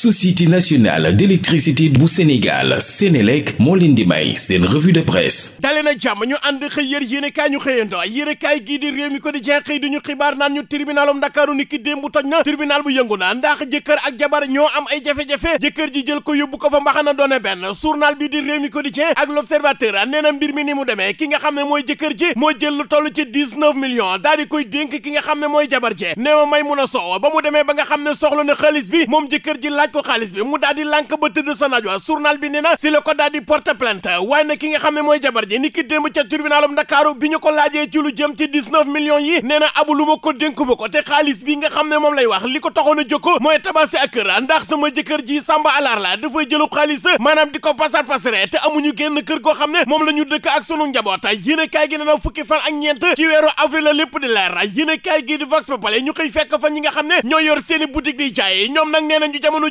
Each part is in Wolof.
société nationale d'électricité bu Sénégal Sénélec moo leen di may seen revue de presse dale na jàmm ñu ànd xëy yér yéenekaay ñu xëyando yéenekaay gii di réew mi ko duñu xibaar naan ñu tribunalum Ndakaaru ni ki démb toj na tribunal bu yëngu na ndax jëkkër ak jabar ñoo am ay jafe-jafe jëkkër ji jël ko yóbbu ko fa mbaxana doone benn journal bi di réew mi quotidien ak l'observateur nee na mbir mi ni mu demee ki nga xam ne mooy jëkkër ji moo jël lu toll ci di koy dénk ki nga xam ne mooy jabar ji ba demee ba nga xam ne soxla na xaalis bi ko xaalis bi mu daal di lànk ba tëdd sa naaj wa journal bi nee na si la ko daal porte plainte waaye nag ki nga xam ne mooy jabar ji ni démb ca tribunalum Ndakaaru bi ñu ko laajee ci lu jëm ci 19 millions yi nee na abu lu ma ko dénku ma ko te xaalis bi nga xam ne moom lay wax li ko taxoon a jókko mooy tabaski ak kër ndax sama jëkkër ji Samba Alaar la dafay jëlub xaalis maanaam di ko pasar pasare te amuñu génn kër goo xam ne moom la ñu dëkk ak sunu njaboot yéen a kaay gi nee na fukki fan ak ñeent ne ñoo yor seeni boutique di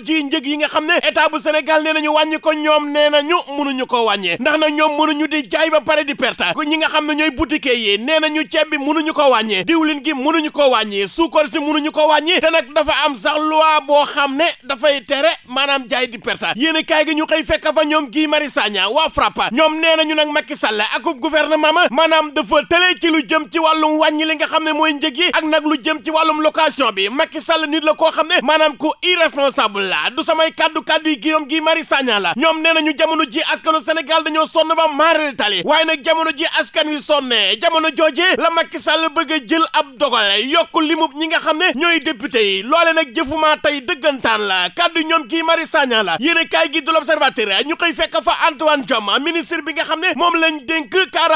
jii njëg yi nga xam ne état bu Sénégal nee nañu wàññi ko ñoom nee nañu mënuñu ko wàññee ndax na ñoom mënuñu di jaay ba pare di perta perte ñi nga xam ne ñooy boutique yi nee nañu ceeb bi mënuñu ko wàññee diwlin gi mënuñu ko wàññee suukar si mënuñu ko wàññi te nag dafa am sax loi boo xam ne dafay tere maanaam jaay di perte yéen kaay gi ñu xëy fekk fa ñoom Guy Marius Sagna waa FRAPP ñoom nee nañu nag Macky Sall akub gouvernement ma maanaam dafa tëlee ci lu jëm ci wàllum wàññi li nga xam ne mooy njëg ak nag lu jëm ci wàllum location bi Macky Sall nit la koo xam ne maanaam ku irresponsable la la du samay kaddu kaddu yi Guillaume Guy mari Sagna la ñoom nee ñu jamono ji askanu Sénégal dañoo sonn ba maarale tali waaye nag jamono ji askan wi sonne jamono jooje la Macky Sall bëgg a jël ab dogale yokku limub ñi nga xam ne ñooy député yi loole nag jëfuma tey dëggantaan la kaddu ñoom Guy Marius Sagna la yéen a kaay gi de l'Observateur ñu koy fekk fa Antoine Diome ministre bi nga xam ne moom lañ dénk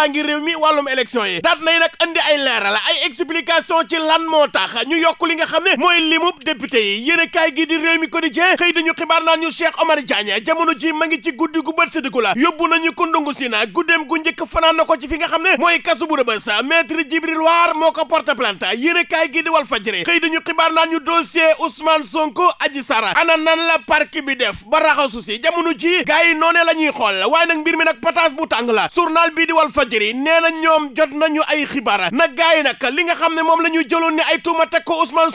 ngi réew mi wàllum élection yi daat nay nag andi ay leeral ay explication ci lan moo tax ñu yokk li nga xam ne mooy limub député yi yéen a kaay xëy dañu xibaar naan ñu Cheikh Omar Diagne jamono ji ma ngi ci guddi gu bët siddiku la yóbbu nañu ko si na guddeem gu njëkk fanaan na ko ci fi nga xam ne mooy kasu bu rëbës maître Djibril War moo ko porte plainte yéene kaay gi di Walf Fadjri xëy dañu xibaar naan ñu dossier Ousmane Sonko Adji Sarr ana nan la parquet bi def ba raxasu si jamono ji gars yi noonee la ñuy xool waaye nag mbir mi nag pataas bu tàng la journal bii di Walf Fadjri nee na ñoom jot nañu ay xibaar nag gars yi nag li la ñu jëloon ne ay tuuma teg ko Ousmane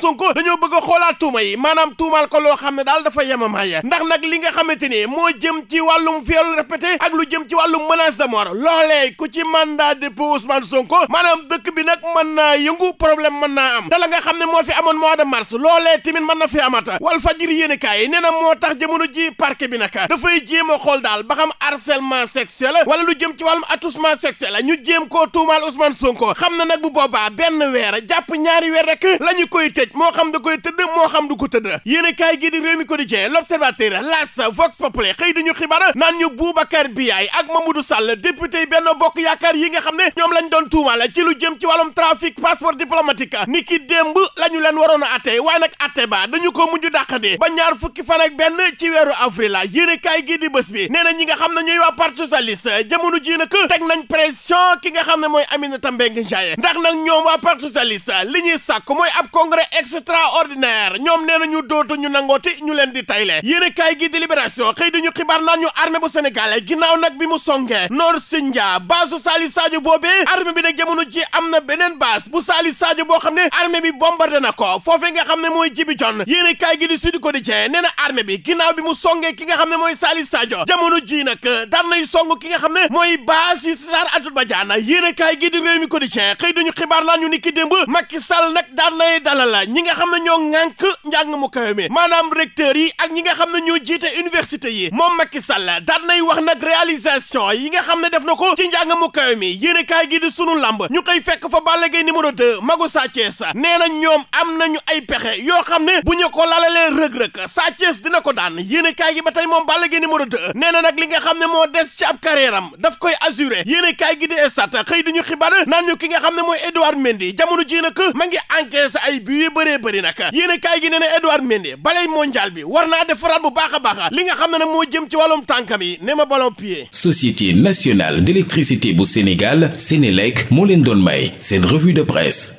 a dafa yemamaaya ndax li nga xamante ni moo jëm ci wàllum viol répété ak lu jëm ci wàllum menace de mort loolee ku ci mandat dépôt Ousmane Sonko maanaam dëkk bi nag mën naa yëngu problème mën naa am te la nga xam ne moo fi amoon mois de mars loolee tamit mën na fi amata wal fajiri yéen kaay nee na moo tax jamono ji parquet bi nag dafay jéem a xool daal ba xam harcèlement sexuel wala lu jëm ci wàllum attouchement sexuel ñu jéem koo tuumaal Ousmane Sonko xam na nag bu boobaa benn weer jàpp ñaari weer rek la ñu koy tëj moo xam da koy tëdd moo xam du ko tëdd yéen gi di réew mi ko Quotidien L'Observateur L'As Vox Populi xëy dañu xibaar naan ñu Boubacar Biaye ak Mamadou Sall député yi Benno Bokk Yaakaar yi nga xam ne ñoom lañ doon tuumal ci lu jëm ci wàllum trafic passeport diplomatique ni démb la leen waroon a atte waaye nag atte ba dañu ko mujj dàqandi ba ñaar fukki fan ak benn ci weeru avril yéenekaay gi di bés bi nee ñi nga xam ne ñooy waa Parti socialiste jamono ji nag teg nañ pression ki nga xam ne mooy Aminata na ñu dootu ñu leen di tayle yéen kaay gi di libération xëy dañu xibaar naan ñu armée bu Sénégal ginnaaw nag bi mu songee Nord Sindia baasu Salif Sadio boobee armée bi nag jamono ji am na beneen baas bu Salif Sadio boo xam gi di Sud xëy dañu xibaar naan ñu ni ki démb Macky Sall nag daan nay dalal ñi nga xam ne ñoo ŋànk njàng mu kawe mi maanaam recteur recteur yi ak ñi nga xam ne ñoo jiite université yi moom Macky Sall daan nay wax nag réalisation yi nga xam ne def na ko ci njàng mu kawe mi yéen kaay gi di sunu lamb ñu koy fekk fa Balla Gaye numéro 2 magu Sa Thiès nee na ñoom am nañu ay pexe yoo xam ne bu ñu ko lalalee rëg-rëg Sa Thiès dina ko daan yéen kaay gi ba tey moom Balla Gaye numéro 2 nee na nag li nga xam ne moo des ci ab carrière am daf koy assuré yéen gi di estat xëy ñu xibaar naan ñu ki nga xam ne mooy Edouard Mendy jamono ji nag ma ngi encaissé ay buts yu bëree bëri nag yéen kaay gi nee na Edouard Mendy balay war naa defaraat bu baaxa baaxa li nga xam ne moo jëm ci wàllum tànkam yi ne ma ballon pied. Société nationale d'électricité bu Sénégal Sénélec moo leen doon may seen revue de presse.